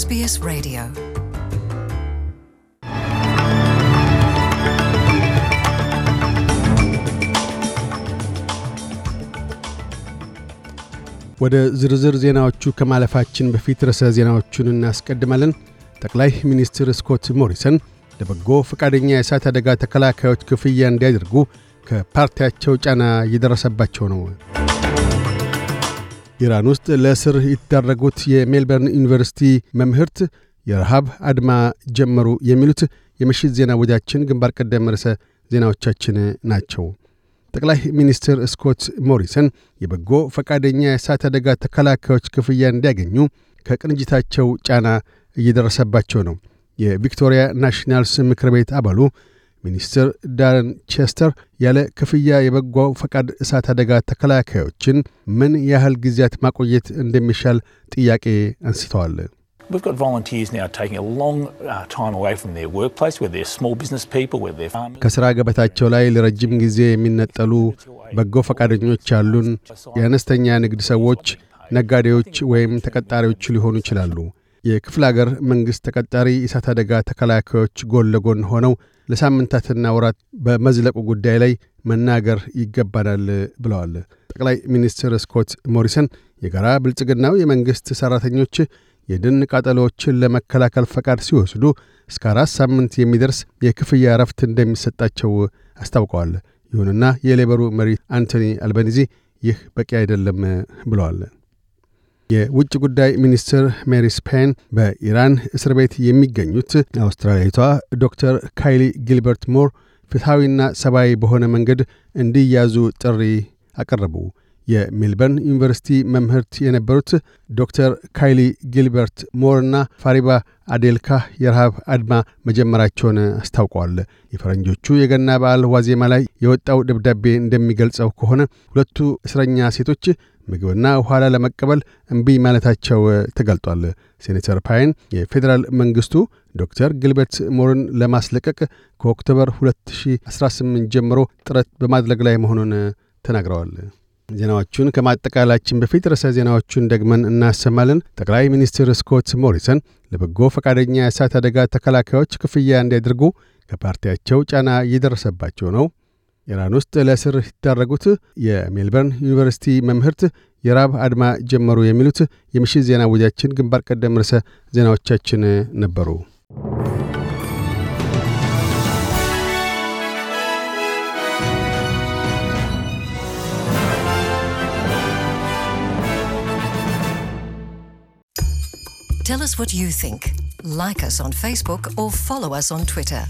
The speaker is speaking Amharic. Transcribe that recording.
SBS Radio. ወደ ዝርዝር ዜናዎቹ ከማለፋችን በፊት ርዕሰ ዜናዎቹን እናስቀድማለን። ጠቅላይ ሚኒስትር ስኮት ሞሪሰን ለበጎ ፈቃደኛ የእሳት አደጋ ተከላካዮች ክፍያ እንዲያደርጉ ከፓርቲያቸው ጫና እየደረሰባቸው ነው። ኢራን ውስጥ ለእስር የተዳረጉት የሜልበርን ዩኒቨርሲቲ መምህርት የረሃብ አድማ ጀመሩ የሚሉት የምሽት ዜና ወጃችን ግንባር ቀደም ርዕሰ ዜናዎቻችን ናቸው። ጠቅላይ ሚኒስትር ስኮት ሞሪሰን የበጎ ፈቃደኛ የእሳት አደጋ ተከላካዮች ክፍያ እንዲያገኙ ከቅንጅታቸው ጫና እየደረሰባቸው ነው። የቪክቶሪያ ናሽናልስ ምክር ቤት አባሉ ሚኒስትር ዳረን ቼስተር ያለ ክፍያ የበጎ ፈቃድ እሳት አደጋ ተከላካዮችን ምን ያህል ጊዜያት ማቆየት እንደሚሻል ጥያቄ አንስተዋል። uh, ከሥራ ገበታቸው ላይ ለረጅም ጊዜ የሚነጠሉ በጎ ፈቃደኞች አሉን። የአነስተኛ ንግድ ሰዎች ነጋዴዎች ወይም ተቀጣሪዎች ሊሆኑ ይችላሉ። የክፍለ አገር መንግሥት ተቀጣሪ የእሳት አደጋ ተከላካዮች ጎን ለጎን ሆነው ለሳምንታትና ወራት በመዝለቁ ጉዳይ ላይ መናገር ይገባናል ብለዋል። ጠቅላይ ሚኒስትር ስኮት ሞሪሰን የጋራ ብልጽግናው የመንግሥት ሠራተኞች የደን ቃጠሎዎችን ለመከላከል ፈቃድ ሲወስዱ እስከ አራት ሳምንት የሚደርስ የክፍያ እረፍት እንደሚሰጣቸው አስታውቀዋል። ይሁንና የሌበሩ መሪ አንቶኒ አልበኒዚ ይህ በቂ አይደለም ብለዋል። የውጭ ጉዳይ ሚኒስትር ሜሪስ ፔን በኢራን እስር ቤት የሚገኙት አውስትራሊያዊቷ ዶክተር ካይሊ ጊልበርት ሞር ፍትሐዊና ሰብአዊ በሆነ መንገድ እንዲያዙ ጥሪ አቀረቡ። የሜልበርን ዩኒቨርሲቲ መምህርት የነበሩት ዶክተር ካይሊ ጊልበርት ሞርና ፋሪባ አዴልካ የረሃብ አድማ መጀመራቸውን አስታውቀዋል። የፈረንጆቹ የገና በዓል ዋዜማ ላይ የወጣው ደብዳቤ እንደሚገልጸው ከሆነ ሁለቱ እስረኛ ሴቶች ምግብና ውኋላ ለመቀበል እምቢ ማለታቸው ተገልጧል። ሴኔተር ፓይን የፌዴራል መንግሥቱ ዶክተር ግልበርት ሞርን ለማስለቀቅ ከኦክቶበር 2018 ጀምሮ ጥረት በማድረግ ላይ መሆኑን ተናግረዋል። ዜናዎቹን ከማጠቃላችን በፊት ርዕሰ ዜናዎቹን ደግመን እናሰማለን። ጠቅላይ ሚኒስትር ስኮት ሞሪሰን ለበጎ ፈቃደኛ የእሳት አደጋ ተከላካዮች ክፍያ እንዲያደርጉ ከፓርቲያቸው ጫና እየደረሰባቸው ነው። ኢራን ውስጥ ለእስር ሲዳረጉት የሜልበርን ዩኒቨርሲቲ መምህርት የራብ አድማ ጀመሩ። የሚሉት የምሽት ዜና ውጃችን ግንባር ቀደም ርዕሰ ዜናዎቻችን ነበሩ። Tell us what you think. Like us on Facebook or follow us on Twitter.